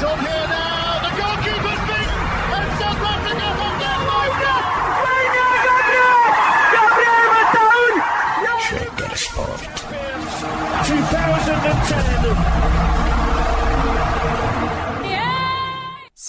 Don't hear that.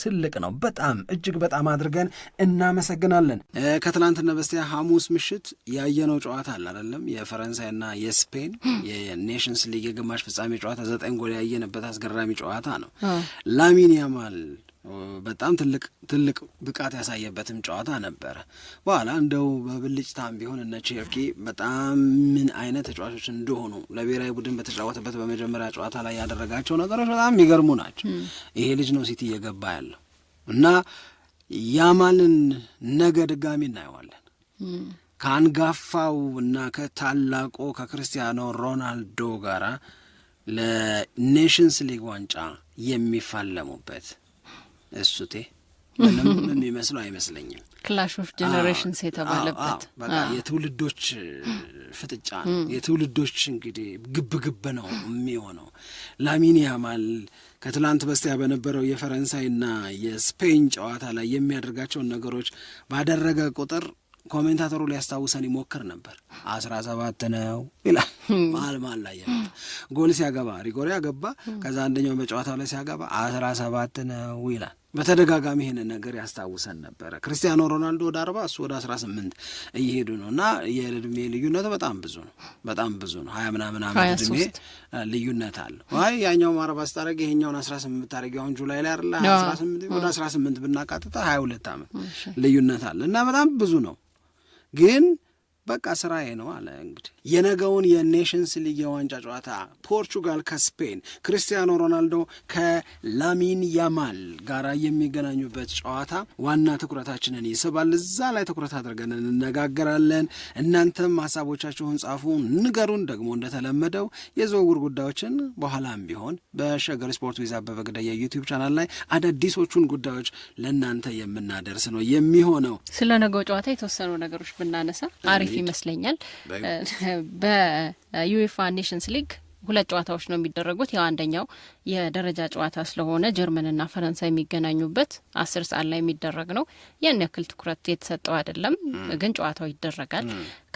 ትልቅ ነው። በጣም እጅግ በጣም አድርገን እናመሰግናለን። ከትላንትና በስቲያ ሐሙስ ምሽት ያየነው ጨዋታ አለ አይደለም? የፈረንሳይና የስፔን የኔሽንስ ሊግ የግማሽ ፍጻሜ ጨዋታ ዘጠኝ ጎል ያየንበት አስገራሚ ጨዋታ ነው። ላሚን ያማል በጣም ትልቅ ትልቅ ብቃት ያሳየበትም ጨዋታ ነበረ። በኋላ እንደው በብልጭታም ቢሆን እነ ቼርኪ በጣም ምን አይነት ተጫዋቾች እንደሆኑ ለብሔራዊ ቡድን በተጫወተበት በመጀመሪያ ጨዋታ ላይ ያደረጋቸው ነገሮች በጣም የሚገርሙ ናቸው። ይሄ ልጅ ነው ሲቲ እየገባ ያለው እና ያማልን ነገ ድጋሚ እናየዋለን ከአንጋፋው እና ከታላቁ ከክርስቲያኖ ሮናልዶ ጋራ ለኔሽንስ ሊግ ዋንጫ የሚፋለሙበት እሱቴ ምንም የሚመስለው አይመስለኝም። ክላሽ ኦፍ ጀኔሬሽንስ የተባለበት የትውልዶች ፍጥጫ ነው። የትውልዶች እንግዲህ ግብግብ ነው የሚሆነው። ላሚን ያማል ከትላንት በስቲያ በነበረው የፈረንሳይና የስፔን ጨዋታ ላይ የሚያደርጋቸውን ነገሮች ባደረገ ቁጥር ኮሜንታተሩ ሊያስታውሰን ይሞክር ነበር። አስራ ሰባት ነው ይላል። ማል ማል ላይ ጎል ሲያገባ ሪጎሪ ያገባ፣ ከዛ አንደኛው በጨዋታው ላይ ሲያገባ አስራ ሰባት ነው ይላል። በተደጋጋሚ ይህንን ነገር ያስታውሰን ነበረ። ክርስቲያኖ ሮናልዶ ወደ አርባ እሱ ወደ አስራ ስምንት እየሄዱ ነው እና የእድሜ ልዩነቱ በጣም ብዙ ነው፣ በጣም ብዙ ነው። ሀያ ምናምን ዓመት እድሜ ልዩነት አለ። አይ ያኛውም አርባ ስታደረግ ይሄኛውን አስራ ስምንት ብታደረግ አሁን ጁላይ ላይ አለ ወደ አስራ ስምንት ብናቃጥታ ሀያ ሁለት ዓመት ልዩነት አለ እና በጣም ብዙ ነው ግን በቃ ስራዬ ነው አለ። እንግዲህ የነገውን የኔሽንስ ሊግ የዋንጫ ጨዋታ ፖርቹጋል ከስፔን ክርስቲያኖ ሮናልዶ ከላሚን ያማል ጋር የሚገናኙበት ጨዋታ ዋና ትኩረታችንን ይስባል። እዛ ላይ ትኩረት አድርገን እንነጋገራለን። እናንተም ሀሳቦቻችሁን ጻፉ፣ ንገሩን። ደግሞ እንደተለመደው የዝውውር ጉዳዮችን በኋላም ቢሆን በሸገር ስፖርት ዊዛ አበበ ግደይ የዩቲዩብ ቻናል ላይ አዳዲሶቹን ጉዳዮች ለእናንተ የምናደርስ ነው የሚሆነው። ስለ ነገው ጨዋታ የተወሰኑ ነገሮች ብናነሳ አሪፍ የሚያልፍ ይመስለኛል። በዩኤፋ ኔሽንስ ሊግ ሁለት ጨዋታዎች ነው የሚደረጉት። ያው አንደኛው የደረጃ ጨዋታ ስለሆነ ጀርመንና ፈረንሳይ የሚገናኙበት አስር ሰዓት ላይ የሚደረግ ነው። ያን ያክል ትኩረት የተሰጠው አይደለም፣ ግን ጨዋታው ይደረጋል።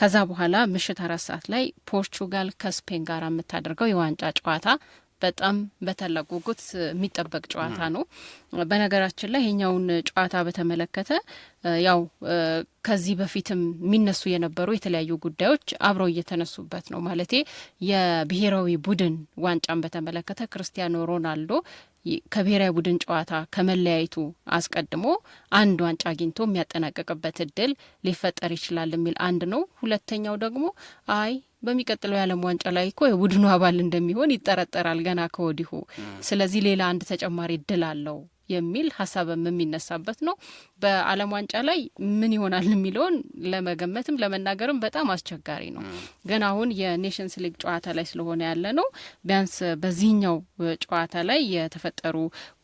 ከዛ በኋላ ምሽት አራት ሰዓት ላይ ፖርቹጋል ከስፔን ጋር የምታደርገው የዋንጫ ጨዋታ በጣም በታላቅ ጉጉት የሚጠበቅ ጨዋታ ነው። በነገራችን ላይ ይሄኛውን ጨዋታ በተመለከተ ያው ከዚህ በፊትም የሚነሱ የነበሩ የተለያዩ ጉዳዮች አብረው እየተነሱበት ነው። ማለቴ የብሔራዊ ቡድን ዋንጫን በተመለከተ ክርስቲያኖ ሮናልዶ ከብሔራዊ ቡድን ጨዋታ ከመለያየቱ አስቀድሞ አንድ ዋንጫ አግኝቶ የሚያጠናቀቅበት እድል ሊፈጠር ይችላል የሚል አንድ ነው። ሁለተኛው ደግሞ አይ በሚቀጥለው የዓለም ዋንጫ ላይ እኮ የቡድኑ አባል እንደሚሆን ይጠረጠራል ገና ከወዲሁ። ስለዚህ ሌላ አንድ ተጨማሪ እድል አለው የሚል ሀሳብም የሚነሳበት ነው። በዓለም ዋንጫ ላይ ምን ይሆናል የሚለውን ለመገመትም ለመናገርም በጣም አስቸጋሪ ነው። ግን አሁን የኔሽንስ ሊግ ጨዋታ ላይ ስለሆነ ያለ ነው። ቢያንስ በዚህኛው ጨዋታ ላይ የተፈጠሩ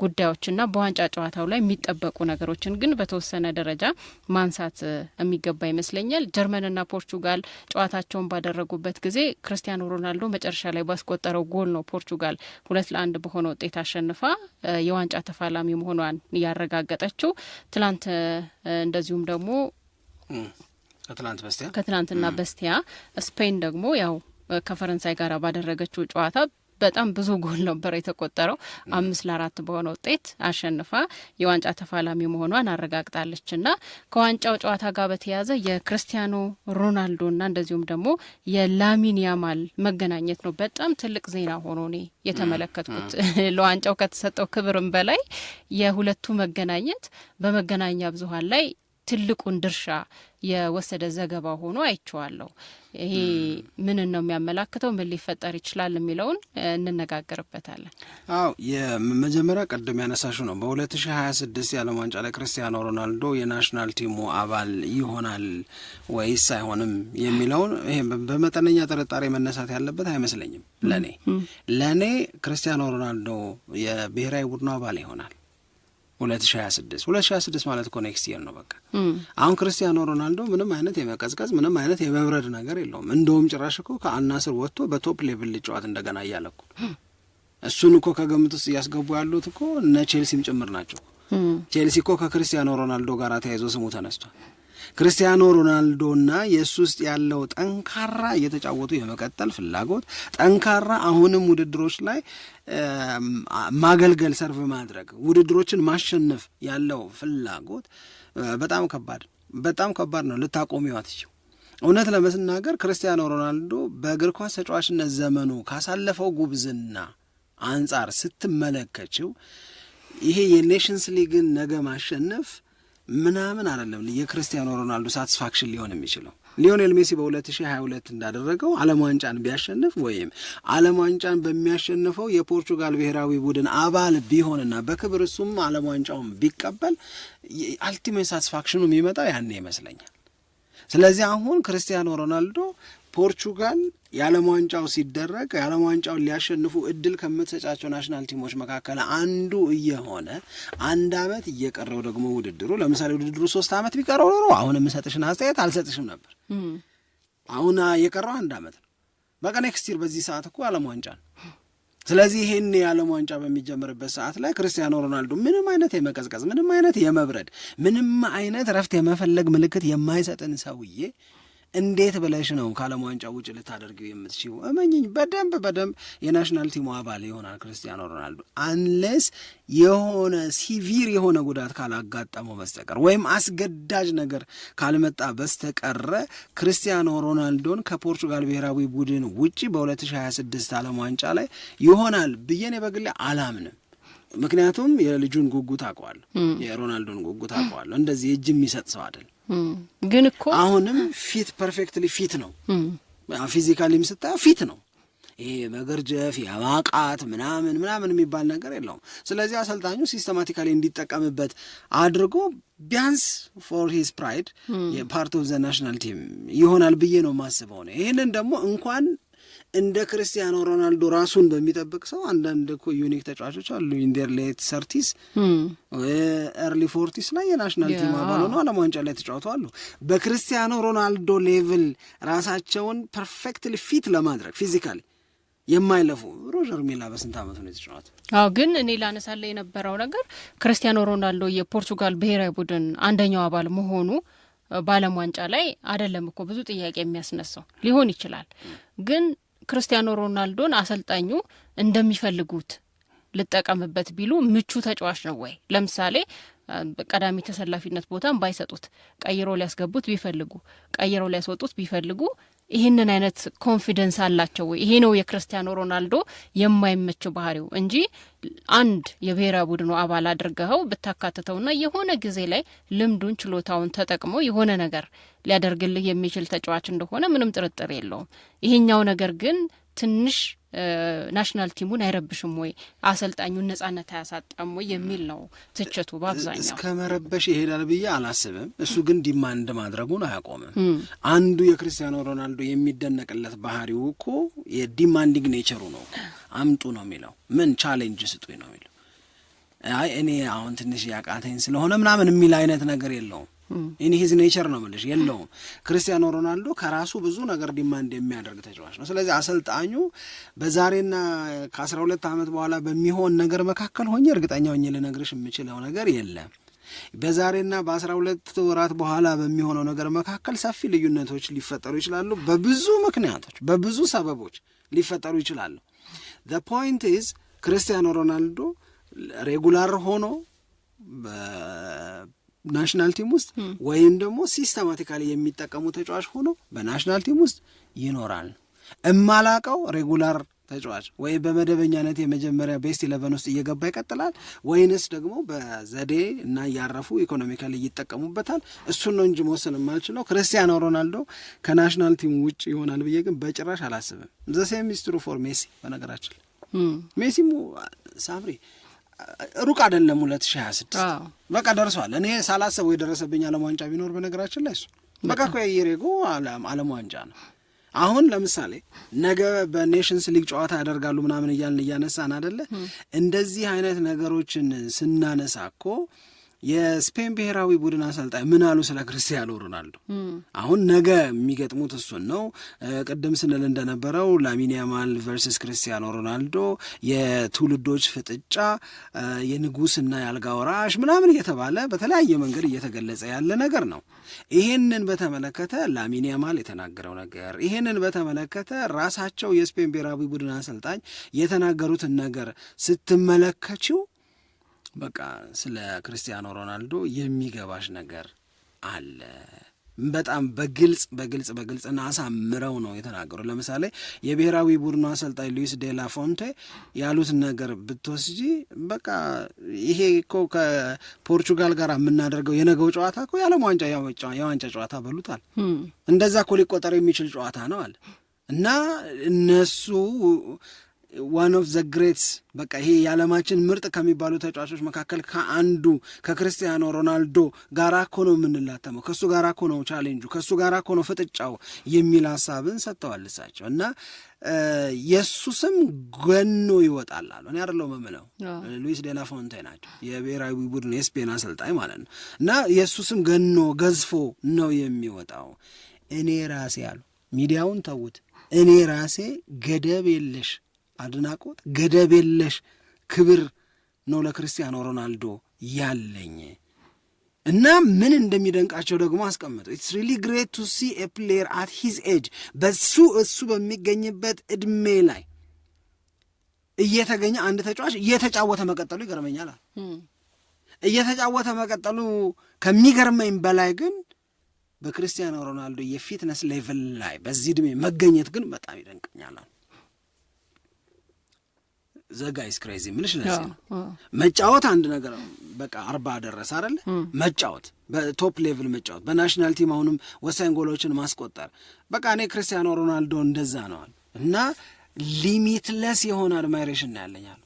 ጉዳዮችና በዋንጫ ጨዋታው ላይ የሚጠበቁ ነገሮችን ግን በተወሰነ ደረጃ ማንሳት የሚገባ ይመስለኛል። ጀርመንና ፖርቹጋል ጨዋታቸውን ባደረጉበት ጊዜ ክርስቲያኖ ሮናልዶ መጨረሻ ላይ ባስቆጠረው ጎል ነው ፖርቹጋል ሁለት ለአንድ በሆነ ውጤት አሸንፋ የዋንጫ ተፋላሚ መሆኗን ያረጋገጠችው ትላንት እንደዚሁም ደግሞ ከትላንት በስቲያ ከትላንትና በስቲያ ስፔን ደግሞ ያው ከፈረንሳይ ጋር ባደረገችው ጨዋታ በጣም ብዙ ጎል ነበር የተቆጠረው። አምስት ለአራት በሆነ ውጤት አሸንፋ የዋንጫ ተፋላሚ መሆኗን አረጋግጣለች። እና ከዋንጫው ጨዋታ ጋር በተያያዘ የክርስቲያኖ ሮናልዶና እንደዚሁም ደግሞ የላሚን ያማል መገናኘት ነው በጣም ትልቅ ዜና ሆኖ እኔ የተመለከትኩት። ለዋንጫው ከተሰጠው ክብርም በላይ የሁለቱ መገናኘት በመገናኛ ብዙኃን ላይ ትልቁን ድርሻ የወሰደ ዘገባ ሆኖ አይቼዋለሁ። ይሄ ምንን ነው የሚያመላክተው? ምን ሊፈጠር ይችላል የሚለውን እንነጋገርበታለን። አዎ የመጀመሪያ ቅድም ያነሳሹ ነው። በ2026 የዓለም ዋንጫ ላይ ክርስቲያኖ ሮናልዶ የናሽናል ቲሙ አባል ይሆናል ወይስ አይሆንም የሚለውን ይሄ በመጠነኛ ጥርጣሬ መነሳት ያለበት አይመስለኝም። ለኔ ለእኔ ክርስቲያኖ ሮናልዶ የብሔራዊ ቡድኑ አባል ይሆናል 2026 2026 ማለት እኮ ኔክስት የር ነው። በቃ አሁን ክርስቲያኖ ሮናልዶ ምንም አይነት የመቀዝቀዝ ምንም አይነት የመብረድ ነገር የለውም። እንደውም ጭራሽ እኮ ስር ወጥቶ በቶፕ ሌቭል ልጨዋት እንደገና እያለ እኮ እሱን እኮ ከግምት ውስጥ እያስገቡ ያሉት እኮ እነ ቼልሲም ጭምር ናቸው። ቼልሲ እኮ ከክርስቲያኖ ሮናልዶ ጋር ተያይዞ ስሙ ተነስቷል። ክርስቲያኖ ሮናልዶና የእሱ ውስጥ ያለው ጠንካራ እየተጫወቱ የመቀጠል ፍላጎት ጠንካራ አሁንም ውድድሮች ላይ ማገልገል፣ ሰርቭ ማድረግ፣ ውድድሮችን ማሸነፍ ያለው ፍላጎት በጣም ከባድ በጣም ከባድ ነው። ልታቆሚው አትችይው። እውነት ለመስናገር ክርስቲያኖ ሮናልዶ በእግር ኳስ ተጫዋችነት ዘመኑ ካሳለፈው ጉብዝና አንጻር ስትመለከችው ይሄ የኔሽንስ ሊግን ነገ ማሸነፍ ምናምን አይደለም የክርስቲያኖ ሮናልዶ ሳትስፋክሽን ሊሆን የሚችለው ሊዮኔል ሜሲ በ2022 እንዳደረገው ዓለም ዋንጫን ቢያሸንፍ ወይም ዓለም ዋንጫን በሚያሸንፈው የፖርቹጋል ብሔራዊ ቡድን አባል ቢሆንና በክብር እሱም ዓለም ዋንጫውን ቢቀበል አልቲሜት ሳትስፋክሽኑ የሚመጣው ያኔ ይመስለኛል። ስለዚህ አሁን ክርስቲያኖ ሮናልዶ ፖርቹጋል የዓለም ዋንጫው ሲደረግ የዓለም ዋንጫውን ሊያሸንፉ እድል ከምትሰጫቸው ናሽናል ቲሞች መካከል አንዱ እየሆነ አንድ ዓመት እየቀረው ደግሞ ውድድሩ ለምሳሌ ውድድሩ ሶስት ዓመት ቢቀረው ኖሮ አሁን የምሰጥሽን አስተያየት አልሰጥሽም ነበር። አሁን የቀረው አንድ ዓመት ነው። በቃ ኔክስት ይር በዚህ ሰዓት እኮ ዓለም ዋንጫ ነው። ስለዚህ ይህን የዓለም ዋንጫ በሚጀምርበት ሰዓት ላይ ክርስቲያኖ ሮናልዶ ምንም አይነት የመቀዝቀዝ ምንም አይነት የመብረድ ምንም አይነት ረፍት የመፈለግ ምልክት የማይሰጥን ሰውዬ እንዴት ብለሽ ነው ከዓለም ዋንጫ ውጭ ልታደርጊው የምትችይው? እመኝኝ በደንብ በደንብ የናሽናል ቲሙ አባል ይሆናል ክርስቲያኖ ሮናልዶ አንለስ የሆነ ሲቪር የሆነ ጉዳት ካላጋጠመው በስተቀር ወይም አስገዳጅ ነገር ካልመጣ በስተቀረ ክርስቲያኖ ሮናልዶን ከፖርቹጋል ብሔራዊ ቡድን ውጭ በ2026 ዓለም ዋንጫ ላይ ይሆናል ብዬን በግሌ አላምንም። ምክንያቱም የልጁን ጉጉት አውቀዋለሁ፣ የሮናልዶን ጉጉት አውቀዋለሁ። እንደዚህ እጅ የሚሰጥ ሰው አይደል። ግን እኮ አሁንም ፊት ፐርፌክትሊ ፊት ነው፣ ፊዚካሊ ስታየው ፊት ነው። ይሄ መገርጀፍ የማቃት ምናምን ምናምን የሚባል ነገር የለውም። ስለዚህ አሰልጣኙ ሲስተማቲካሊ እንዲጠቀምበት አድርጎ ቢያንስ ፎር ሂዝ ፕራይድ የፓርት ኦፍ ዘ ናሽናል ቲም ይሆናል ብዬ ነው የማስበው ነው። ይህንን ደግሞ እንኳን እንደ ክርስቲያኖ ሮናልዶ ራሱን በሚጠብቅ ሰው አንዳንድ እኮ ዩኒክ ተጫዋቾች አሉ። ኢንዴር ሌት ሰርቲስ ኤርሊ ፎርቲስ ላይ የናሽናል ቲም አባል ሆነው ዓለም ዋንጫ ላይ ተጫውተው አሉ። በክርስቲያኖ ሮናልዶ ሌቭል ራሳቸውን ፐርፌክትሊ ፊት ለማድረግ ፊዚካሊ የማይለፉ ሮጀር ሚላ በስንት አመቱ ነው የተጫወተ? አዎ ግን እኔ ላነሳለ የነበረው ነገር ክርስቲያኖ ሮናልዶ የፖርቱጋል ብሔራዊ ቡድን አንደኛው አባል መሆኑ በዓለም ዋንጫ ላይ አይደለም እኮ ብዙ ጥያቄ የሚያስነሳው ሊሆን ይችላል ግን ክርስቲያኖ ሮናልዶን አሰልጣኙ እንደሚፈልጉት ልጠቀምበት ቢሉ ምቹ ተጫዋች ነው ወይ? ለምሳሌ ቀዳሚ ተሰላፊነት ቦታን ባይሰጡት ቀይሮ ሊያስገቡት ቢፈልጉ ቀይሮ ሊያስወጡት ቢፈልጉ ይህንን አይነት ኮንፊደንስ አላቸው ወይ? ይሄ ነው የክርስቲያኖ ሮናልዶ የማይመቸው ባህሪው እንጂ አንድ የብሔራዊ ቡድኑ አባል አድርገኸው ብታካትተውና የሆነ ጊዜ ላይ ልምዱን ችሎታውን ተጠቅሞ የሆነ ነገር ሊያደርግልህ የሚችል ተጫዋች እንደሆነ ምንም ጥርጥር የለውም። ይሄኛው ነገር ግን ትንሽ ናሽናል ቲሙን አይረብሽም ወይ አሰልጣኙን ነጻነት አያሳጣም ወይ የሚል ነው ትችቱ በአብዛኛው። እስከ መረበሽ ይሄዳል ብዬ አላስብም። እሱ ግን ዲማንድ ማድረጉን አያቆምም። አንዱ የክርስቲያኖ ሮናልዶ የሚደነቅለት ባህሪው እኮ የዲማንዲንግ ኔቸሩ ነው። አምጡ ነው የሚለው፣ ምን ቻሌንጅ ስጡኝ ነው የሚለው። አይ እኔ አሁን ትንሽ ያቃተኝ ስለሆነ ምናምን የሚል አይነት ነገር የለውም። ኢን ሂዝ ኔቸር ነው የምልሽ የለውም። ክርስቲያኖ ሮናልዶ ከራሱ ብዙ ነገር ዲማንድ የሚያደርግ ተጫዋች ነው። ስለዚህ አሰልጣኙ በዛሬና ከአስራ ሁለት ዓመት በኋላ በሚሆን ነገር መካከል ሆኜ እርግጠኛ ሆኜ ልነግርሽ የምችለው ነገር የለም። በዛሬና በአስራ ሁለት ወራት በኋላ በሚሆነው ነገር መካከል ሰፊ ልዩነቶች ሊፈጠሩ ይችላሉ። በብዙ ምክንያቶች፣ በብዙ ሰበቦች ሊፈጠሩ ይችላሉ። ዘ ፖይንት ኢዝ ክርስቲያኖ ሮናልዶ ሬጉላር ሆኖ ናሽናል ቲም ውስጥ ወይም ደግሞ ሲስተማቲካሊ የሚጠቀሙ ተጫዋች ሆኖ በናሽናል ቲም ውስጥ ይኖራል። እማላቀው ሬጉላር ተጫዋች ወይ በመደበኛነት የመጀመሪያ ቤስት ኢለቨን ውስጥ እየገባ ይቀጥላል፣ ወይንስ ደግሞ በዘዴ እና እያረፉ ኢኮኖሚካሊ ይጠቀሙበታል። እሱን ነው እንጂ መወሰን የማልችለው። ክርስቲያኖ ሮናልዶ ከናሽናል ቲም ውጭ ይሆናል ብዬ ግን በጭራሽ አላስብም። ዘሴ ሚስትሩ ፎር ሜሲ በነገራችን ሜሲሙ ሳምሪ ሩቅ አይደለም። ሁለት ሺህ ሀያ ስድስት በቃ ደርሷል። እኔ ሳላሰቡ የደረሰብኝ ዓለም ዋንጫ ቢኖር በነገራችን ላይ እሱ በቃ እኮ የኢሬጉ ዓለም ዋንጫ ነው። አሁን ለምሳሌ ነገ በኔሽንስ ሊግ ጨዋታ ያደርጋሉ ምናምን እያልን እያነሳን አደለ? እንደዚህ አይነት ነገሮችን ስናነሳ እኮ የስፔን ብሔራዊ ቡድን አሰልጣኝ ምን አሉ ስለ ክርስቲያኖ ሮናልዶ? አሁን ነገ የሚገጥሙት እሱን ነው። ቅድም ስንል እንደነበረው ላሚን ያማል ቨርስስ ክርስቲያኖ ሮናልዶ የትውልዶች ፍጥጫ፣ የንጉስና የአልጋ ወራሽ ምናምን እየተባለ በተለያየ መንገድ እየተገለጸ ያለ ነገር ነው። ይሄንን በተመለከተ ላሚን ያማል የተናገረው ነገር፣ ይሄንን በተመለከተ ራሳቸው የስፔን ብሔራዊ ቡድን አሰልጣኝ የተናገሩትን ነገር ስትመለከችው በቃ ስለ ክርስቲያኖ ሮናልዶ የሚገባሽ ነገር አለ። በጣም በግልጽ በግልጽ በግልጽ እና አሳምረው ነው የተናገሩ። ለምሳሌ የብሔራዊ ቡድኑ አሰልጣኝ ሉዊስ ዴላ ፎንቴ ያሉት ነገር ብትወስጂ በቃ ይሄ እኮ ከፖርቹጋል ጋር የምናደርገው የነገው ጨዋታ እኮ የዓለም ዋንጫ የዋንጫ ጨዋታ በሉታል። እንደዛ እኮ ሊቆጠር የሚችል ጨዋታ ነው አለ እና እነሱ ዋን ኦፍ ዘ ግሬትስ በቃ ይሄ የዓለማችን ምርጥ ከሚባሉ ተጫዋቾች መካከል ከአንዱ ከክርስቲያኖ ሮናልዶ ጋር እኮ ነው የምንላተመው፣ ከእሱ ጋር እኮ ነው ቻሌንጁ፣ ከእሱ ጋር እኮ ነው ፍጥጫው የሚል ሀሳብን ሰጥተዋል እሳቸው እና የእሱ ስም ገኖ ይወጣል አሉ። እኔ አይደለሁም የምለው ሉዊስ ዴላ ፎንቴ ናቸው፣ የብሔራዊ ቡድን የስፔን አሰልጣኝ ማለት ነው። እና የእሱ ስም ገኖ ገዝፎ ነው የሚወጣው። እኔ ራሴ አሉ ሚዲያውን ተዉት፣ እኔ ራሴ ገደብ የለሽ አድናቆት፣ ገደብ የለሽ ክብር ነው ለክርስቲያኖ ሮናልዶ ያለኝ እና ምን እንደሚደንቃቸው ደግሞ አስቀምጠው ኢትስ ሪሊ ግሬት ቱ ሲ ኤ ፕሌየር አት ሂዝ ኤጅ በሱ እሱ በሚገኝበት እድሜ ላይ እየተገኘ አንድ ተጫዋች እየተጫወተ መቀጠሉ ይገርመኛል። hmm. እየተጫወተ መቀጠሉ ከሚገርመኝ በላይ ግን በክርስቲያኖ ሮናልዶ የፊትነስ ሌቭል ላይ በዚህ እድሜ መገኘት ግን በጣም ይደንቀኛል። ዘጋይስ ክሬዚ የምልሽ ነ መጫወት አንድ ነገር በቃ አርባ ደረሰ አለ መጫወት በቶፕ ሌቭል መጫወት በናሽናል ቲም አሁንም ወሳኝ ጎሎችን ማስቆጠር በቃ እኔ ክርስቲያኖ ሮናልዶ እንደዛ ነዋል እና ሊሚትለስ የሆነ አድማይሬሽን ያለኛል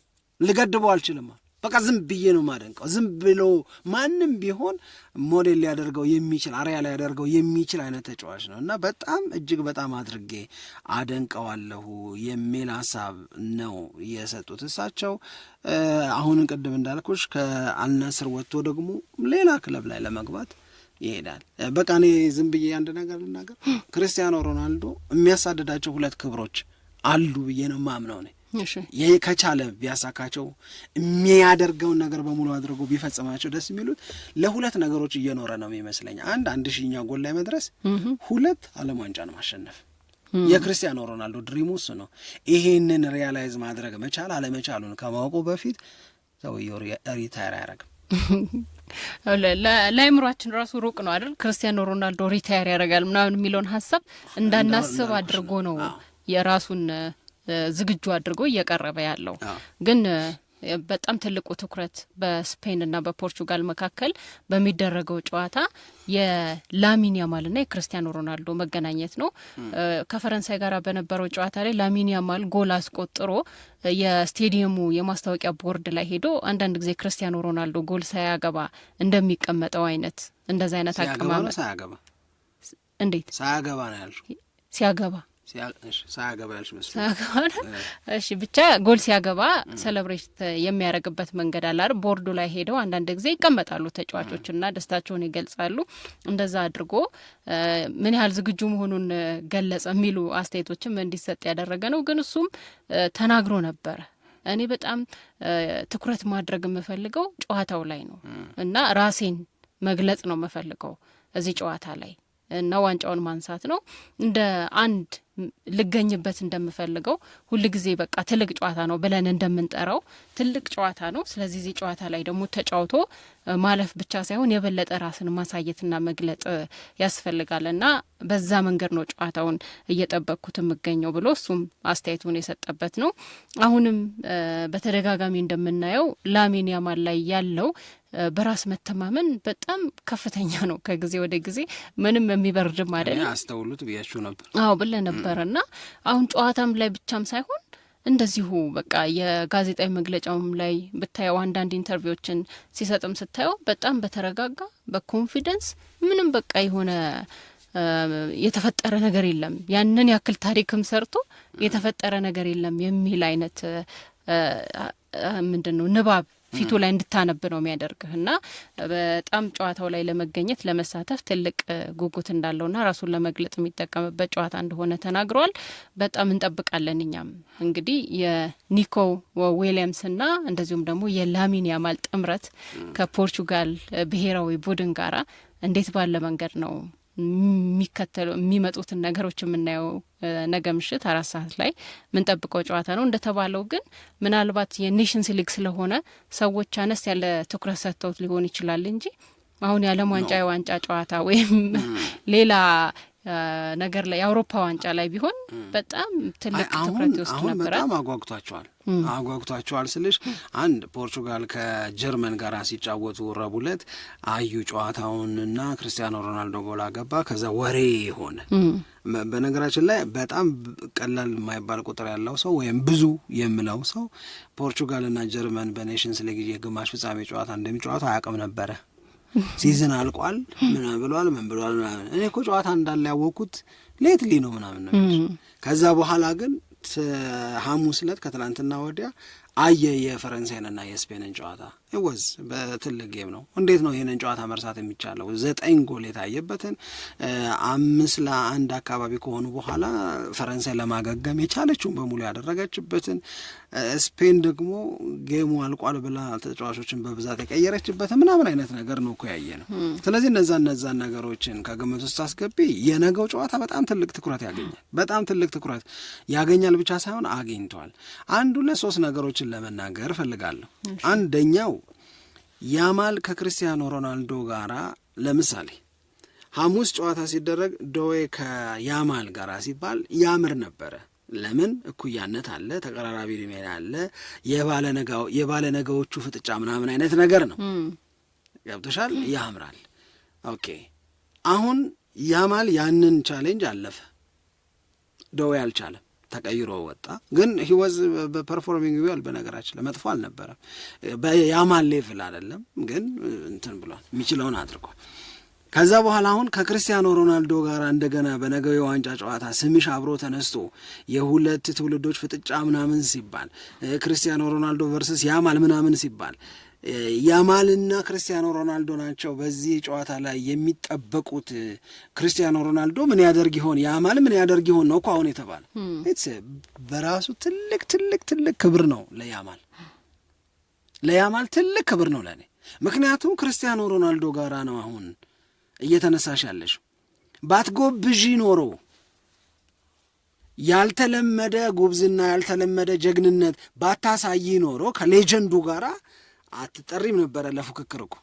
ልገድበው አልችልም በቃ ዝም ብዬ ነው ማደንቀው። ዝም ብሎ ማንም ቢሆን ሞዴል ሊያደርገው የሚችል አሪያ ሊያደርገው የሚችል አይነት ተጫዋች ነው እና በጣም እጅግ በጣም አድርጌ አደንቀዋለሁ የሚል ሀሳብ ነው የሰጡት እሳቸው። አሁንን ቅድም እንዳልኩሽ ከአልናስር ወጥቶ ደግሞ ሌላ ክለብ ላይ ለመግባት ይሄዳል። በቃ እኔ ዝም ብዬ አንድ ነገር ልናገር፣ ክርስቲያኖ ሮናልዶ የሚያሳድዳቸው ሁለት ክብሮች አሉ ብዬ ነው ማምነው እኔ ከቻለ ቢያሳካቸው የሚያደርገውን ነገር በሙሉ አድርጎ ቢፈጽማቸው ደስ የሚሉት ለሁለት ነገሮች እየኖረ ነው የሚመስለኝ። አንድ አንድ ሺኛ ጎል ላይ መድረስ፣ ሁለት ዓለም ዋንጫን ማሸነፍ። የክርስቲያኖ ሮናልዶ ድሪሙ እሱ ነው። ይሄንን ሪያላይዝ ማድረግ መቻል አለመቻሉን ከማወቁ በፊት ሰውየው ሪታይር አያደርግም። ለአይምሯችን ራሱ ሩቅ ነው አይደል? ክርስቲያኖ ሮናልዶ ሪታይር ያደርጋል ምናምን የሚለውን ሀሳብ እንዳናስብ አድርጎ ነው የራሱን ዝግጁ አድርጎ እየቀረበ ያለው ግን በጣም ትልቁ ትኩረት በስፔንና በፖርቹጋል መካከል በሚደረገው ጨዋታ የላሚን ያማልና የክርስቲያኖ ሮናልዶ መገናኘት ነው። ከፈረንሳይ ጋር በነበረው ጨዋታ ላይ ላሚን ያማል ጎል አስቆጥሮ የስቴዲየሙ የማስታወቂያ ቦርድ ላይ ሄዶ አንዳንድ ጊዜ ክርስቲያኖ ሮናልዶ ጎል ሳያገባ እንደሚቀመጠው አይነት እንደዚ አይነት አቀማመጥ እንዴት ሳያገባ ነው ያሉ ሲያገባ ሳያገባልሽ እሺ ብቻ ጎል ሲያገባ ሰለብሬት የሚያደርግበት መንገድ አለ አይደል? ቦርዱ ላይ ሄደው አንዳንድ ጊዜ ይቀመጣሉ ተጫዋቾችና ደስታቸውን ይገልጻሉ። እንደዛ አድርጎ ምን ያህል ዝግጁ መሆኑን ገለጸ የሚሉ አስተያየቶችም እንዲሰጥ ያደረገ ነው። ግን እሱም ተናግሮ ነበረ እኔ በጣም ትኩረት ማድረግ የምፈልገው ጨዋታው ላይ ነው እና ራሴን መግለጽ ነው የምፈልገው እዚህ ጨዋታ ላይ እና ዋንጫውን ማንሳት ነው እንደ አንድ ልገኝበት እንደምፈልገው ጊዜ በቃ ትልቅ ጨዋታ ነው ብለን እንደምንጠራው ትልቅ ጨዋታ ነው። ስለዚህ እዚህ ጨዋታ ላይ ደግሞ ተጫውቶ ማለፍ ብቻ ሳይሆን የበለጠ ራስን ማሳየትና መግለጥ ያስፈልጋል እና በዛ መንገድ ነው ጨዋታውን እየጠበቅኩት የምገኘው ብሎ እሱም አስተያየቱን የሰጠበት ነው። አሁንም በተደጋጋሚ እንደምናየው ላሚን ያማል ላይ ያለው በራስ መተማመን በጣም ከፍተኛ ነው። ከጊዜ ወደ ጊዜ ምንም የሚበርድም አይደለም። አስተውሉት ብያችሁ ነበር። አዎ ብለ ነበር ነበረ እና አሁን ጨዋታም ላይ ብቻም ሳይሆን እንደዚሁ በቃ የጋዜጣዊ መግለጫውም ላይ ብታየው አንዳንድ ኢንተርቪዎችን ሲሰጥም ስታየው በጣም በተረጋጋ በኮንፊደንስ ምንም በቃ የሆነ የተፈጠረ ነገር የለም ያንን ያክል ታሪክም ሰርቶ የተፈጠረ ነገር የለም የሚል አይነት ምንድን ነው ንባብ ፊቱ ላይ እንድታነብ ነው የሚያደርግህ እና በጣም ጨዋታው ላይ ለመገኘት ለመሳተፍ ትልቅ ጉጉት እንዳለውና ራሱን ለመግለጥ የሚጠቀምበት ጨዋታ እንደሆነ ተናግሯል። በጣም እንጠብቃለን። እኛም እንግዲህ የኒኮ ዊሊያምስና እንደዚሁም ደግሞ የላሚን ያማል ጥምረት ከፖርቹጋል ብሔራዊ ቡድን ጋራ እንዴት ባለ መንገድ ነው የሚከተለው የሚመጡትን ነገሮች የምናየው ነገ ምሽት አራት ሰዓት ላይ የምንጠብቀው ጨዋታ ነው። እንደተባለው ግን ምናልባት የኔሽንስ ሊግ ስለሆነ ሰዎች አነስ ያለ ትኩረት ሰጥተውት ሊሆን ይችላል እንጂ አሁን የዓለም ዋንጫ የዋንጫ ጨዋታ ወይም ሌላ ነገር ላይ የአውሮፓ ዋንጫ ላይ ቢሆን በጣም ትልቅ ትኩረት ይወስድ በጣም አጓግቷቸዋል አጓግቷቸዋል ስልሽ አንድ ፖርቹጋል ከጀርመን ጋር ሲጫወቱ ረቡዕ ዕለት አዩ ጨዋታውንና ክርስቲያኖ ሮናልዶ ጎል አገባ። ከዛ ወሬ የሆነ በነገራችን ላይ በጣም ቀላል የማይባል ቁጥር ያለው ሰው ወይም ብዙ የምለው ሰው ፖርቹጋልና ጀርመን በኔሽንስ ሊግ የግማሽ ፍጻሜ ጨዋታ እንደሚጫወቱ አያውቅም ነበረ ሲዝን አልቋል ምና ብሏል ምን ብሏል ምናምን። እኔ እኮ ጨዋታ እንዳለ ያወቅኩት ሌትሊ ነው ምናምን ነው ከዛ በኋላ ግን ሐሙስ ዕለት ከትላንትና ወዲያ አየ የፈረንሳይንና የስፔንን ጨዋታ ወዝ በትልቅ ጌም ነው። እንዴት ነው ይህንን ጨዋታ መርሳት የሚቻለው? ዘጠኝ ጎል የታየበትን አምስት ለአንድ አካባቢ ከሆኑ በኋላ ፈረንሳይ ለማገገም የቻለችውን በሙሉ ያደረገችበትን፣ ስፔን ደግሞ ጌሙ አልቋል ብላ ተጫዋቾችን በብዛት የቀየረችበትን ምናምን አይነት ነገር ነው እኮ ያየ ነው። ስለዚህ እነዛ እነዛን ነገሮችን ከግምት ውስጥ አስገቢ። የነገው ጨዋታ በጣም ትልቅ ትኩረት ያገኛል። በጣም ትልቅ ትኩረት ያገኛል ብቻ ሳይሆን አግኝቷል። አንዱ ለሶስት ነገሮች ነገሮችን ለመናገር እፈልጋለሁ። አንደኛው ያማል ከክርስቲያኖ ሮናልዶ ጋራ ለምሳሌ ሐሙስ ጨዋታ ሲደረግ ዶዌ ከያማል ጋር ሲባል ያምር ነበረ። ለምን እኩያነት አለ፣ ተቀራራቢ ዕድሜ አለ፣ የባለ ነገዎቹ ፍጥጫ ምናምን አይነት ነገር ነው። ገብቶሻል? ያምራል። ኦኬ። አሁን ያማል ያንን ቻሌንጅ አለፈ፣ ዶዌ አልቻለም። ተቀይሮ ወጣ። ግን ሂወዝ በፐርፎርሚንግ ዌል በነገራችን ለመጥፎ አልነበረም። ያማን ሌቭል አይደለም፣ ግን እንትን ብሏል፣ የሚችለውን አድርጓል። ከዛ በኋላ አሁን ከክርስቲያኖ ሮናልዶ ጋር እንደገና በነገው የዋንጫ ጨዋታ ስምሽ አብሮ ተነስቶ የሁለት ትውልዶች ፍጥጫ ምናምን ሲባል ክርስቲያኖ ሮናልዶ ቨርስስ ያማል ምናምን ሲባል ያማልና ክርስቲያኖ ሮናልዶ ናቸው በዚህ ጨዋታ ላይ የሚጠበቁት። ክርስቲያኖ ሮናልዶ ምን ያደርግ ይሆን? ያማል ምን ያደርግ ይሆን ነው እኮ አሁን የተባለ በራሱ ትልቅ ትልቅ ትልቅ ክብር ነው ለያማል ለያማል ትልቅ ክብር ነው ለእኔ። ምክንያቱም ክርስቲያኖ ሮናልዶ ጋራ ነው አሁን እየተነሳሽ ያለሽ። ባትጎብዥ ኖሮ ያልተለመደ ጉብዝና፣ ያልተለመደ ጀግንነት ባታሳይ ኖሮ ከሌጀንዱ ጋራ አትጠሪም ነበረ ለፉክክር እኮ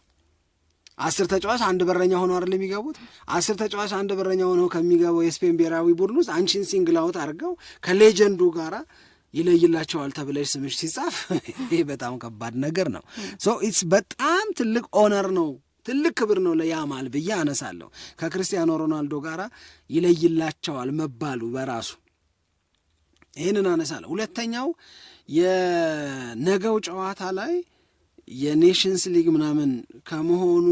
አስር ተጫዋች አንድ በረኛ ሆኖ አይደል የሚገቡት? አስር ተጫዋች አንድ በረኛ ሆኖ ከሚገባው የስፔን ብሔራዊ ቡድን ውስጥ አንቺን ሲንግል አውት አድርገው ከሌጀንዱ ጋራ ይለይላቸዋል ተብለሽ ስምሽ ሲጻፍ ይሄ በጣም ከባድ ነገር ነው። ሶ ኢትስ በጣም ትልቅ ኦነር ነው ትልቅ ክብር ነው ለያማል ብዬ አነሳለሁ። ከክርስቲያኖ ሮናልዶ ጋራ ይለይላቸዋል መባሉ በራሱ ይህንን አነሳለሁ። ሁለተኛው የነገው ጨዋታ ላይ የኔሽንስ ሊግ ምናምን ከመሆኑ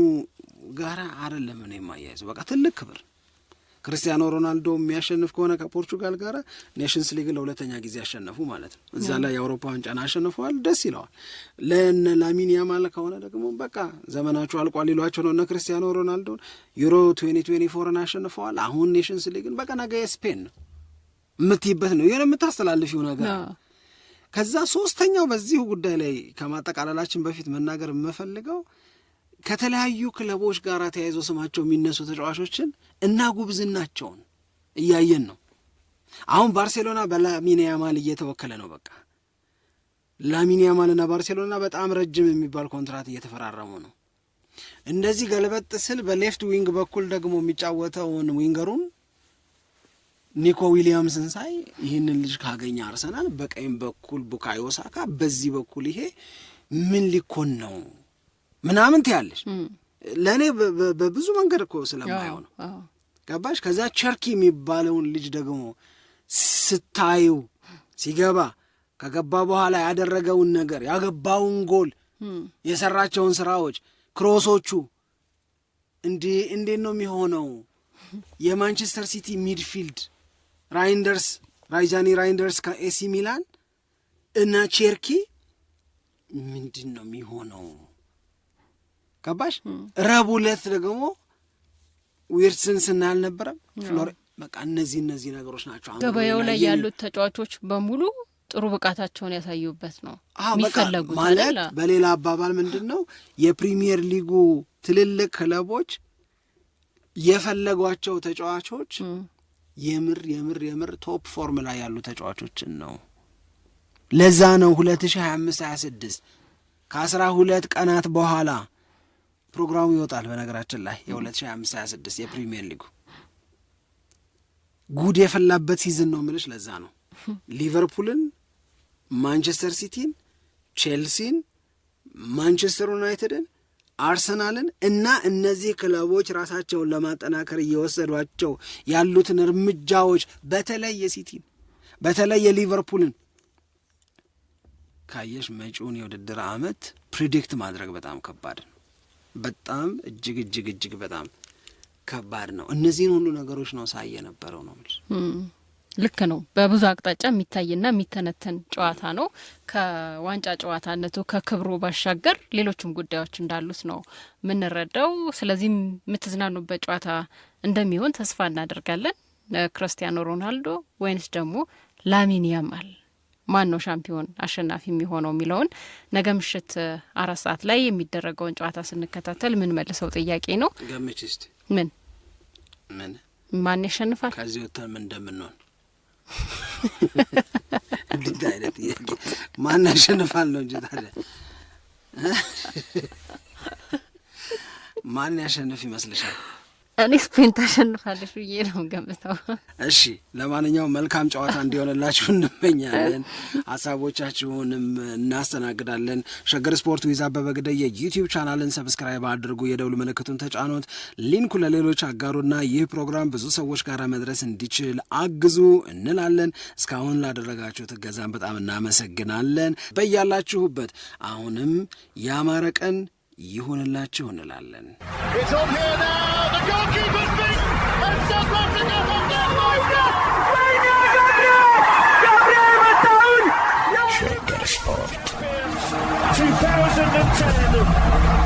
ጋራ አይደለም ነው የማያይዘው። በቃ ትልቅ ክብር ክርስቲያኖ ሮናልዶ የሚያሸንፍ ከሆነ ከፖርቹጋል ጋር ኔሽንስ ሊግን ለሁለተኛ ጊዜ ያሸነፉ ማለት ነው። እዛ ላይ የአውሮፓ ዋንጫን አሸንፈዋል፣ ደስ ይለዋል። ለነ ላሚን ያማል ከሆነ ደግሞ በቃ ዘመናቸው አልቋል ሊሏቸው ነው። እነ ክርስቲያኖ ሮናልዶን ዩሮ ትዌንቲ ትዌንቲ ፎርን አሸንፈዋል። አሁን ኔሽንስ ሊግን በቃ ነገ የስፔን ነው የምትይበት ነው የሆነ የምታስተላልፊው ነገር ከዛ ሶስተኛው በዚሁ ጉዳይ ላይ ከማጠቃለላችን በፊት መናገር የምፈልገው ከተለያዩ ክለቦች ጋር ተያይዞ ስማቸው የሚነሱ ተጫዋቾችን እና ጉብዝናቸውን እያየን ነው። አሁን ባርሴሎና በላሚን ያማል እየተወከለ ነው። በቃ ላሚን ያማልና ባርሴሎና በጣም ረጅም የሚባል ኮንትራት እየተፈራረሙ ነው። እንደዚህ ገለበጥ ስል በሌፍት ዊንግ በኩል ደግሞ የሚጫወተውን ዊንገሩን ኒኮ ዊሊያምስን ሳይ ይህንን ልጅ ካገኘ አርሰናል በቀኝ በኩል ቡካዮ ሳካ፣ በዚህ በኩል ይሄ ምን ሊኮን ነው ምናምን ትያለሽ። ለእኔ በብዙ መንገድ እኮ ስለማየው ነው ገባሽ። ከዛ ቸርኪ የሚባለውን ልጅ ደግሞ ስታዩ ሲገባ ከገባ በኋላ ያደረገውን ነገር ያገባውን ጎል የሰራቸውን ስራዎች ክሮሶቹ እንዴ እንዴት ነው የሚሆነው? የማንቸስተር ሲቲ ሚድፊልድ ራይንደርስ ራይጃኒ ራይንደርስ ከኤሲ ሚላን እና ቼርኪ ምንድን ነው የሚሆነው? ገባሽ? ረቡዕ ዕለት ደግሞ ዊርትስን ስናል ነበረም ፍሎር በቃ እነዚህ እነዚህ ነገሮች ናቸው። ገበያው ላይ ያሉት ተጫዋቾች በሙሉ ጥሩ ብቃታቸውን ያሳዩበት ነው የሚፈለጉት። ማለት በሌላ አባባል ምንድን ነው የፕሪሚየር ሊጉ ትልልቅ ክለቦች የፈለጓቸው ተጫዋቾች የምር የምር የምር ቶፕ ፎርም ላይ ያሉ ተጫዋቾችን ነው። ለዛ ነው 2025 26 ከአስራ ሁለት ቀናት በኋላ ፕሮግራሙ ይወጣል። በነገራችን ላይ የ2025 26 የፕሪሚየር ሊጉ ጉድ የፈላበት ሲዝን ነው ምልሽ። ለዛ ነው ሊቨርፑልን፣ ማንቸስተር ሲቲን፣ ቼልሲን፣ ማንቸስተር ዩናይትድን አርሰናልን እና እነዚህ ክለቦች ራሳቸውን ለማጠናከር እየወሰዷቸው ያሉትን እርምጃዎች በተለይ የሲቲን በተለይ የሊቨርፑልን ካየሽ መጪውን የውድድር ዓመት ፕሪዲክት ማድረግ በጣም ከባድ ነው። በጣም እጅግ እጅግ እጅግ በጣም ከባድ ነው። እነዚህን ሁሉ ነገሮች ነው ሳየ የነበረው ነው ልክ ነው። በብዙ አቅጣጫ የሚታይና የሚተነተን ጨዋታ ነው። ከዋንጫ ጨዋታነቱ ከክብሩ ባሻገር ሌሎችም ጉዳዮች እንዳሉት ነው የምንረዳው። ስለዚህም የምትዝናኑበት ጨዋታ እንደሚሆን ተስፋ እናደርጋለን። ክርስቲያኖ ሮናልዶ ወይንስ ደግሞ ላሚን ያማል ማን ነው ሻምፒዮን አሸናፊ የሚሆነው የሚለውን ነገ ምሽት አራት ሰዓት ላይ የሚደረገውን ጨዋታ ስንከታተል ምን መልሰው ጥያቄ ነው ምን ምን ማን ያሸንፋል ከዚህ ወተን ምን እንደምንሆን እንዴት አይነት ጥያቄ! ማን ያሸንፋል ነው እንጂ ታዲያ ማን ያሸንፍ ይመስልሻል? እኔ ስፔን ታሸንፋለች ብዬ ነው ገምተው። እሺ ለማንኛውም መልካም ጨዋታ እንዲሆንላችሁ እንመኛለን። ሀሳቦቻችሁንም እናስተናግዳለን። ሸገር ስፖርት ዊዝ አበበ ግደይ የዩቲዩብ ቻናልን ሰብስክራይብ አድርጉ፣ የደውል ምልክቱን ተጫኖት፣ ሊንኩ ለሌሎች አጋሩና ይህ ፕሮግራም ብዙ ሰዎች ጋር መድረስ እንዲችል አግዙ እንላለን። እስካሁን ላደረጋችሁት እገዛን በጣም እናመሰግናለን። በያላችሁበት አሁንም ያማረ ቀን ይሁንላችሁ እንላለን። Sport. 2010